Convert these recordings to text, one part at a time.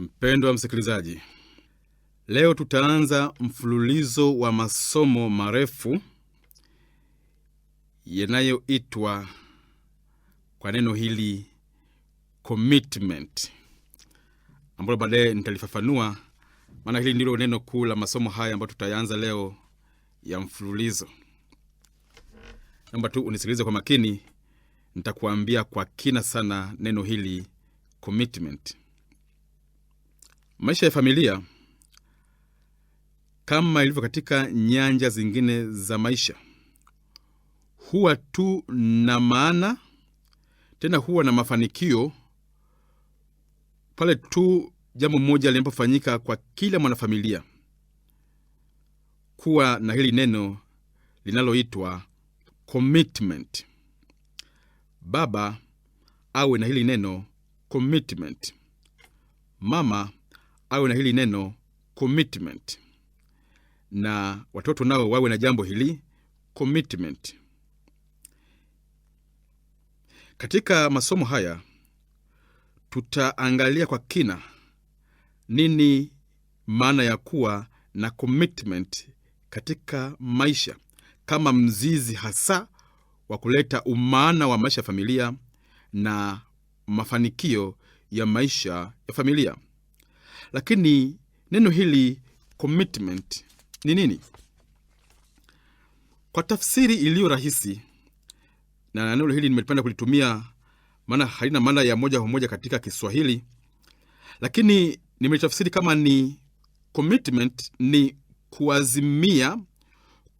Mpendwa msikilizaji, leo tutaanza mfululizo wa masomo marefu yanayoitwa kwa neno hili commitment, ambalo baadaye nitalifafanua, maana hili ndilo neno kuu la masomo haya ambayo tutayaanza leo ya mfululizo. Naomba tu unisikilize kwa makini, nitakuambia kwa kina sana neno hili commitment. Maisha ya familia kama ilivyo katika nyanja zingine za maisha huwa tu na maana, tena huwa na mafanikio pale tu jambo moja linapofanyika kwa kila mwanafamilia kuwa na hili neno linaloitwa commitment. Baba awe na hili neno commitment, mama awe na hili neno commitment, na watoto nao wawe na jambo hili commitment. Katika masomo haya tutaangalia kwa kina nini maana ya kuwa na commitment katika maisha kama mzizi hasa wa kuleta umaana wa maisha ya familia na mafanikio ya maisha ya familia. Lakini neno hili commitment ni nini? Kwa tafsiri iliyo rahisi, na neno hili nimependa kulitumia maana halina maana ya moja kwa moja katika Kiswahili, lakini nimetafsiri kama ni commitment ni kuazimia,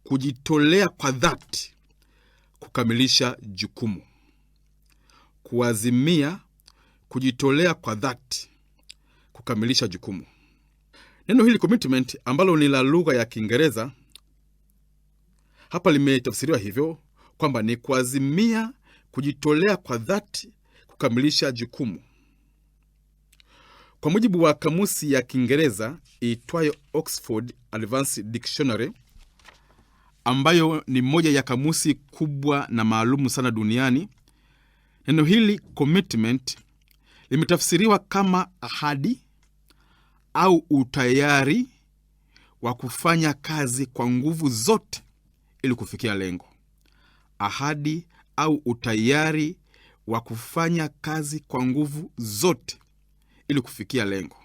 kujitolea kwa dhati kukamilisha jukumu. Kuazimia, kujitolea kwa dhati kukamilisha jukumu. Neno hili commitment, ambalo ni la lugha ya Kiingereza, hapa limetafsiriwa hivyo kwamba ni kuazimia, kujitolea kwa dhati kukamilisha jukumu. Kwa mujibu wa kamusi ya Kiingereza iitwayo Oxford Advanced Dictionary, ambayo ni moja ya kamusi kubwa na maalumu sana duniani, neno hili commitment limetafsiriwa kama ahadi au utayari wa kufanya kazi kwa nguvu zote ili kufikia lengo. Ahadi au utayari wa kufanya kazi kwa nguvu zote ili kufikia lengo.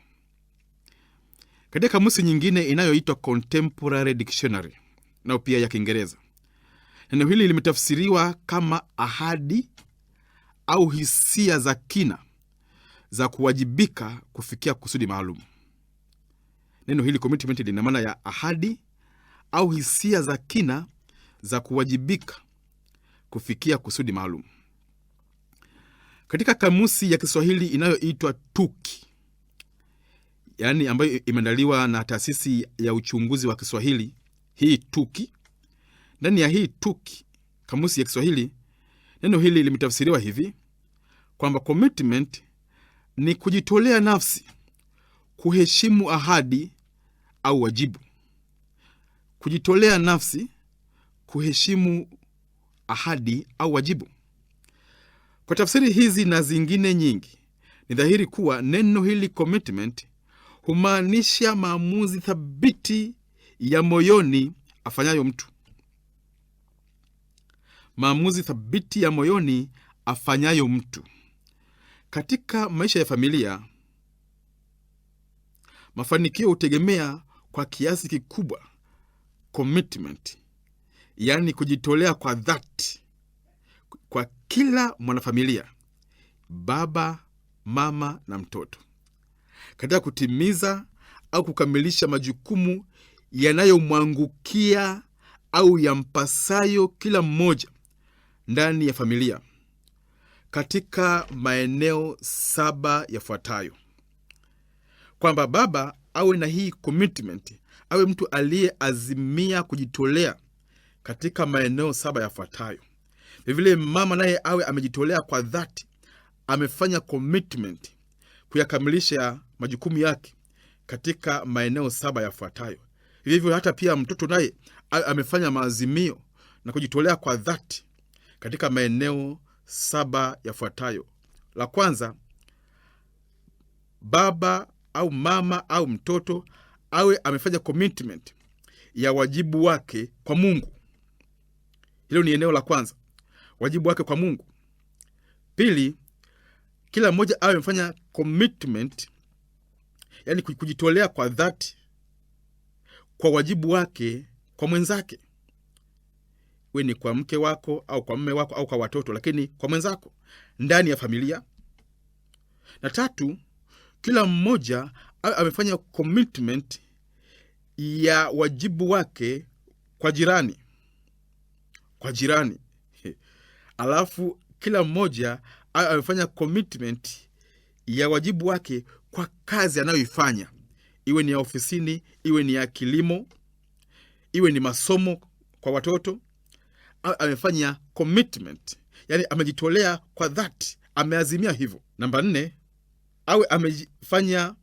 Katika kamusi nyingine inayoitwa Contemporary Dictionary, nayo pia ya Kiingereza, neno hili limetafsiriwa kama ahadi au hisia za kina za kuwajibika kufikia kusudi maalum. Neno hili commitment lina maana ya ahadi au hisia za kina za kuwajibika kufikia kusudi maalum. Katika kamusi ya Kiswahili inayoitwa TUKI, yaani ambayo imeandaliwa na taasisi ya uchunguzi wa Kiswahili, hii TUKI, ndani ya hii TUKI kamusi ya Kiswahili neno hili limetafsiriwa hivi kwamba commitment ni kujitolea nafsi, kuheshimu ahadi au wajibu. Kujitolea nafsi, kuheshimu ahadi au wajibu. Kwa tafsiri hizi na zingine nyingi, ni dhahiri kuwa neno hili commitment humaanisha maamuzi thabiti ya moyoni afanyayo mtu, maamuzi thabiti ya moyoni afanyayo mtu. Katika maisha ya familia, mafanikio hutegemea kwa kiasi kikubwa commitment, yaani kujitolea kwa dhati kwa kila mwanafamilia, baba, mama na mtoto, katika kutimiza au kukamilisha majukumu yanayomwangukia au yampasayo kila mmoja ndani ya familia katika maeneo saba yafuatayo kwamba baba awe na hii commitment, awe mtu aliyeazimia kujitolea katika maeneo saba yafuatayo. Vilevile mama naye awe amejitolea kwa dhati, amefanya commitment kuyakamilisha majukumu yake katika maeneo saba yafuatayo. Hivyo hata pia mtoto naye amefanya maazimio na kujitolea kwa dhati katika maeneo saba yafuatayo. La kwanza, baba au mama au mtoto awe amefanya commitment ya wajibu wake kwa Mungu. Hilo ni eneo la kwanza, wajibu wake kwa Mungu. Pili, kila mmoja awe amefanya commitment, yani kujitolea kwa dhati kwa wajibu wake kwa mwenzake we ni kwa mke wako au kwa mme wako au kwa watoto, lakini kwa mwenzako ndani ya familia. Na tatu, kila mmoja amefanya commitment ya wajibu wake kwa jirani, kwa jirani. Alafu kila mmoja amefanya commitment ya wajibu wake kwa kazi anayoifanya, iwe ni ya ofisini, iwe ni ya kilimo, iwe ni masomo kwa watoto, amefanya commitment, yani amejitolea kwa dhati, ameazimia hivyo. Namba nne, awe amefanya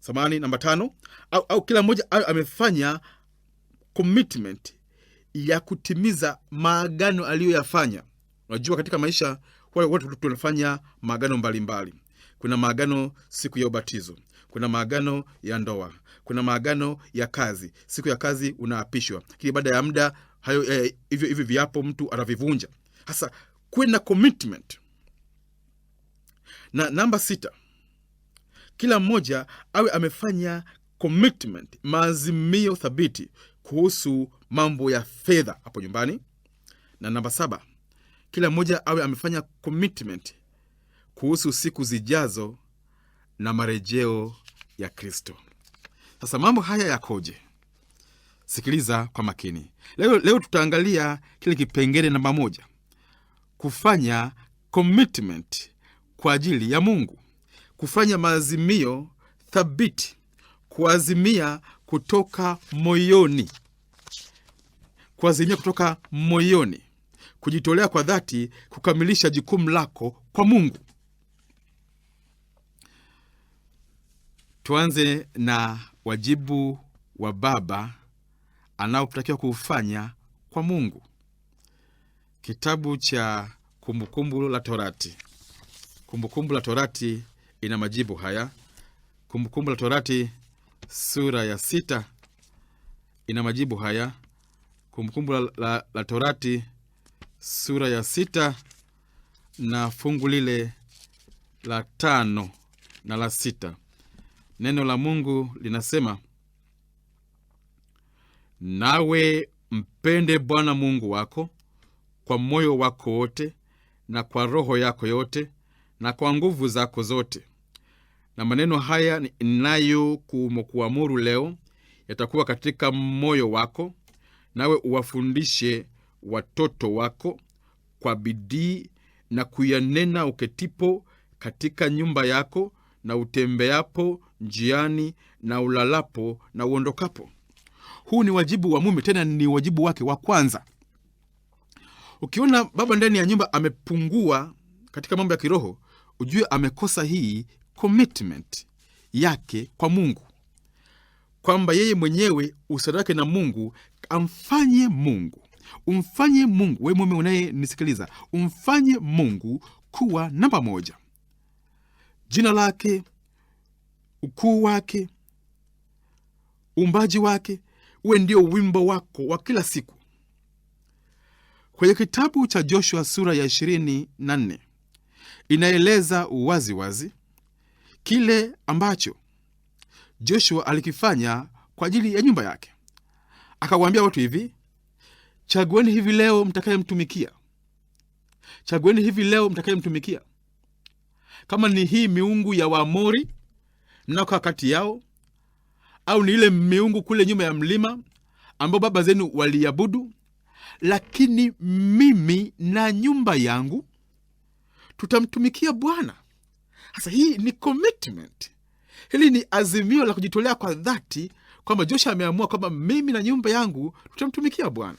samani. Namba tano, au, au kila mmoja awe amefanya commitment ya kutimiza maagano aliyoyafanya. Unajua, katika maisha wale tunafanya maagano mbalimbali. Kuna maagano siku ya ubatizo, kuna maagano ya ndoa, kuna maagano ya kazi. Siku ya kazi unaapishwa, lakini baada ya muda hayo eh, hivyo eh, viapo mtu anavivunja. Hasa kuwe na commitment. Na namba sita, kila mmoja awe amefanya commitment, maazimio thabiti kuhusu mambo ya fedha hapo nyumbani. Na namba saba, kila mmoja awe amefanya commitment kuhusu siku zijazo na marejeo ya Kristo. Sasa mambo haya yakoje? Sikiliza kwa makini leo. Leo tutaangalia kile kipengele namba moja, kufanya commitment kwa ajili ya Mungu, kufanya maazimio thabiti, kuazimia kutoka moyoni, kuazimia kutoka moyoni, kujitolea kwa dhati kukamilisha jukumu lako kwa Mungu. Tuanze na wajibu wa baba anaotakiwa kuufanya kwa Mungu. Kitabu cha Kumbukumbu la Torati. Kumbukumbu la Torati ina majibu haya. Kumbukumbu la Torati sura ya sita ina majibu haya. Kumbukumbu la, la, la Torati sura ya sita na fungu lile la tano na la sita. Neno la Mungu linasema Nawe mpende Bwana Mungu wako kwa moyo wako wote na kwa roho yako yote na kwa nguvu zako zote. Na maneno haya ninayokuamuru leo yatakuwa katika moyo wako, nawe uwafundishe watoto wako kwa bidii na kuyanena uketipo katika nyumba yako na utembeapo njiani na ulalapo na uondokapo. Huu ni wajibu wa mume, tena ni wajibu wake wa kwanza. Ukiona baba ndani ya nyumba amepungua katika mambo ya kiroho, ujue amekosa hii commitment yake kwa Mungu, kwamba yeye mwenyewe uhusiano wake na Mungu amfanye Mungu umfanye Mungu, we mume unayenisikiliza, umfanye Mungu kuwa namba moja, jina lake, ukuu wake, uumbaji wake, uwe ndio wimbo wako wa kila siku. Kwenye kitabu cha Joshua sura ya 24 inaeleza waziwazi wazi kile ambacho Joshua alikifanya kwa ajili ya nyumba yake. Akawaambia watu hivi, chagueni hivi leo mtakayemtumikia, chagueni hivi leo mtakayemtumikia, kama ni hii miungu ya Waamori mnaokaa kati yao, au ni ile miungu kule nyuma ya mlima ambao baba zenu waliabudu, lakini mimi na nyumba yangu tutamtumikia Bwana. Sasa hii ni commitment, hili ni azimio la kujitolea kwa dhati kwamba Joshua ameamua kwamba mimi na nyumba yangu tutamtumikia Bwana.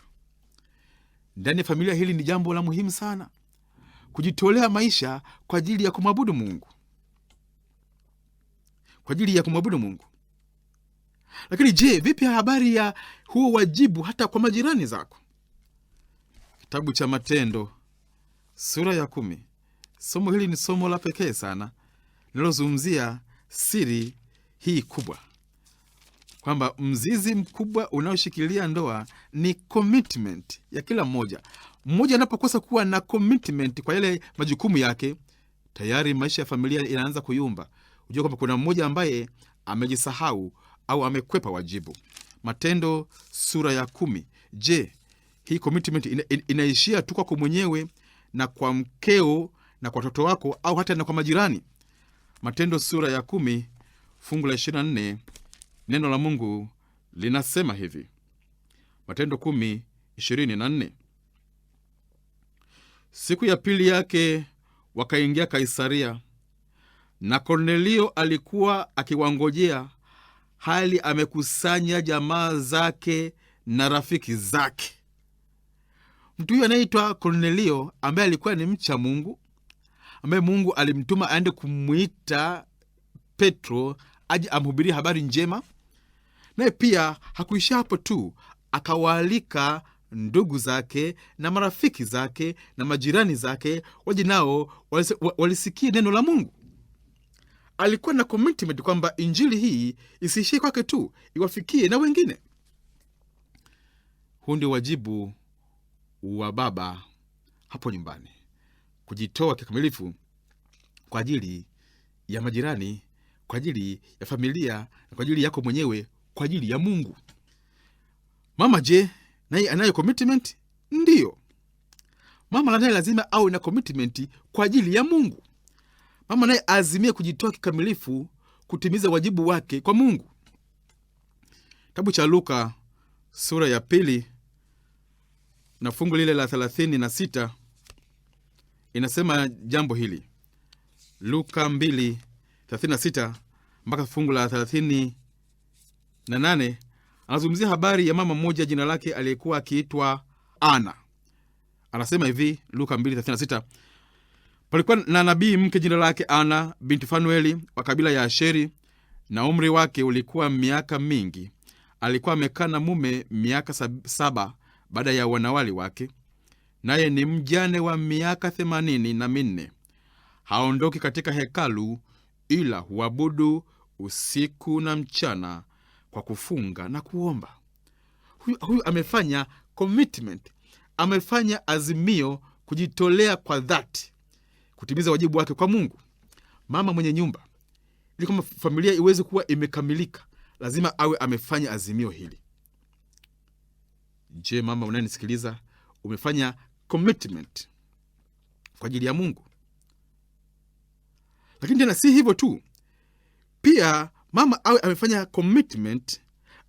Ndani ya familia, hili ni jambo la muhimu sana, kujitolea maisha kwa ajili ya kumwabudu Mungu, kwa ajili ya kumwabudu Mungu. Lakini je, vipi habari ya huo wajibu hata kwa majirani zako? Kitabu cha Matendo sura ya kumi. Somo hili ni somo la pekee sana linalozungumzia siri hii kubwa, kwamba mzizi mkubwa unaoshikilia ndoa ni commitment ya kila mmoja. Mmoja anapokosa kuwa na commitment kwa yale majukumu yake, tayari maisha ya familia inaanza kuyumba. Hujua kwamba kuna mmoja ambaye amejisahau au amekwepa wajibu. Matendo sura ya kumi. Je, hii commitment ina, inaishia tu kwako mwenyewe na kwa mkeo na kwa watoto wako au hata na kwa majirani? Matendo sura ya kumi fungu la 24 neno la Mungu linasema hivi, Matendo na 24 siku ya pili yake wakaingia Kaisaria, na Kornelio alikuwa akiwangojea hali amekusanya jamaa zake na rafiki zake. Mtu huyo anaitwa Kornelio, ambaye alikuwa ni mcha Mungu, ambaye Mungu alimtuma aende kumwita Petro aje amhubirie habari njema. Naye pia hakuishia hapo tu, akawaalika ndugu zake na marafiki zake na majirani zake waje nao walisikie neno la Mungu alikuwa na commitment kwamba injili hii isiishie kwake tu, iwafikie na wengine. Huu ndio wajibu wa baba hapo nyumbani, kujitoa kikamilifu kwa ajili ya majirani, kwa ajili ya familia na kwa ajili yako mwenyewe, kwa ajili ya Mungu. Mama je, naye anayo commitment? Ndiyo, mama naye lazima awe na commitment kwa ajili ya Mungu mama naye aazimie kujitoa kikamilifu kutimiza wajibu wake kwa Mungu. Kitabu cha Luka sura ya pili na fungu lile la 36 inasema jambo hili. Luka 2:36 mpaka fungu la 38 anazungumzia habari ya mama mmoja jina lake aliyekuwa akiitwa Ana. Anasema hivi Luka sita Palikuwa na nabii mke jina lake Ana binti Fanueli wa kabila ya Asheri, na umri wake ulikuwa miaka mingi. Alikuwa amekaa na mume miaka saba baada ya wanawali wake, naye ni mjane wa miaka themanini na minne. Haondoki katika hekalu, ila huabudu usiku na mchana kwa kufunga na kuomba. Huyu, huyu amefanya commitment, amefanya azimio, kujitolea kwa dhati kutimiza wajibu wake kwa Mungu. Mama mwenye nyumba, ili kwamba familia iweze kuwa imekamilika, lazima awe amefanya azimio hili. Je, mama unayenisikiliza, umefanya commitment kwa ajili ya Mungu? Lakini tena si hivyo tu, pia mama awe amefanya commitment,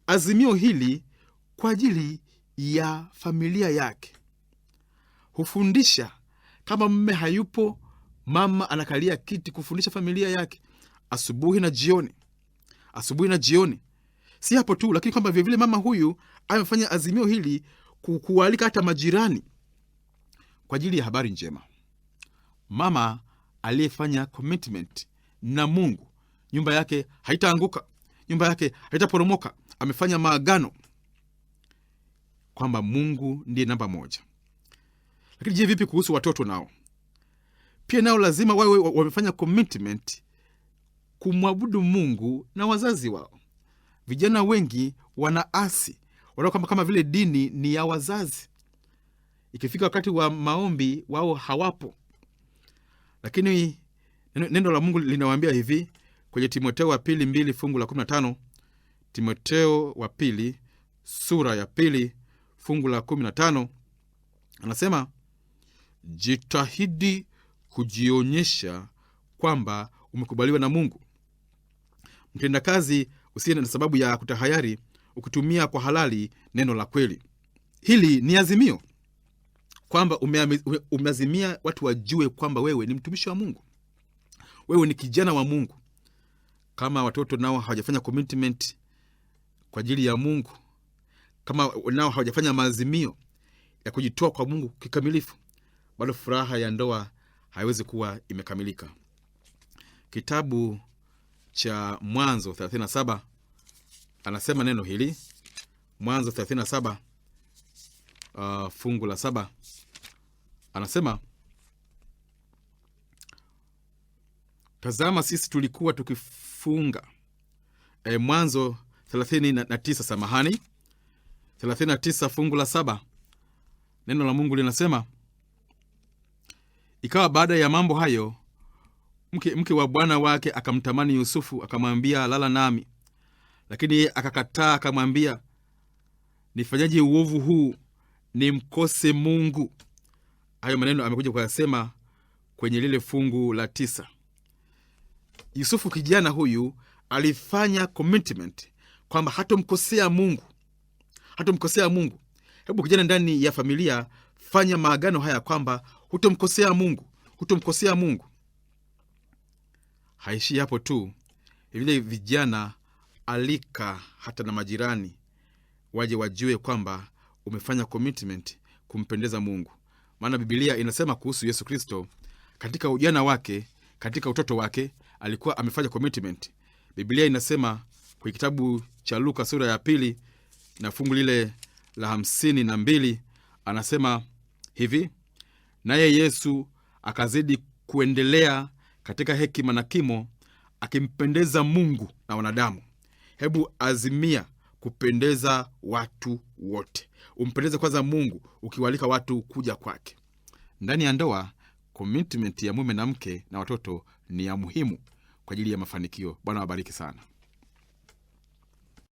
azimio hili kwa ajili ya familia yake. Hufundisha kama mme hayupo mama anakalia kiti kufundisha familia yake asubuhi na jioni, asubuhi na jioni. Si hapo tu, lakini kwamba vilevile mama huyu amefanya azimio hili kualika hata majirani kwa ajili ya habari njema. Mama aliyefanya commitment na Mungu, nyumba yake haitaanguka, nyumba yake haitaporomoka. Amefanya maagano kwamba Mungu ndiye namba moja. Lakini je, vipi kuhusu watoto nao? pia nao lazima wawe wamefanya commitment kumwabudu Mungu na wazazi wao. Vijana wengi wanaasi, wanaona kwamba kama vile dini ni ya wazazi, ikifika wakati wa maombi wao hawapo. Lakini neno la Mungu linawaambia hivi kwenye Timoteo wa pili mbili fungu la 15, Timoteo wa pili sura ya pili fungu la 15 anasema, jitahidi kujionyesha kwamba umekubaliwa na Mungu. Mtendakazi usiye na sababu ya kutahayari ukitumia kwa halali neno la kweli. Hili ni azimio kwamba umeazimia watu wajue kwamba wewe ni mtumishi wa Mungu, wewe ni kijana wa Mungu. Kama watoto nao hawajafanya commitment kwa ajili ya Mungu, kama nao hawajafanya maazimio ya kujitoa kwa Mungu kikamilifu, bado furaha ya ndoa haiwezi kuwa imekamilika. Kitabu cha Mwanzo 37 anasema neno hili, Mwanzo 37 uh, fungu la saba anasema tazama, sisi tulikuwa tukifunga e, Mwanzo 39 samahani, 39 fungu la saba neno la Mungu linasema Ikawa baada ya mambo hayo, mke, mke wa bwana wake akamtamani Yusufu, akamwambia, lala nami. Lakini yeye akakataa, akamwambia, nifanyaje uovu huu nimkose Mungu? Hayo maneno amekuja kuyasema kwenye lile fungu la tisa. Yusufu kijana huyu alifanya commitment kwamba hatomkosea Mungu, hatomkosea Mungu. Hebu kijana ndani ya familia, fanya maagano haya kwamba hutomkosea Mungu, hutomkosea Mungu. Haishii hapo tu, vile vijana alika hata na majirani waje wajue kwamba umefanya commitment kumpendeza Mungu, maana Bibilia inasema kuhusu Yesu Kristo katika ujana wake, katika utoto wake alikuwa amefanya commitment. Bibilia inasema kwenye kitabu cha Luka sura ya pili na fungu lile la hamsini na mbili anasema hivi: Naye Yesu akazidi kuendelea katika hekima na kimo, akimpendeza Mungu na wanadamu. Hebu azimia kupendeza watu wote. Umpendeze kwanza Mungu ukiwalika watu kuja kwake. Ndani ya ndoa, komitmenti ya mume na mke na watoto ni ya muhimu kwa ajili ya mafanikio. Bwana wabariki sana.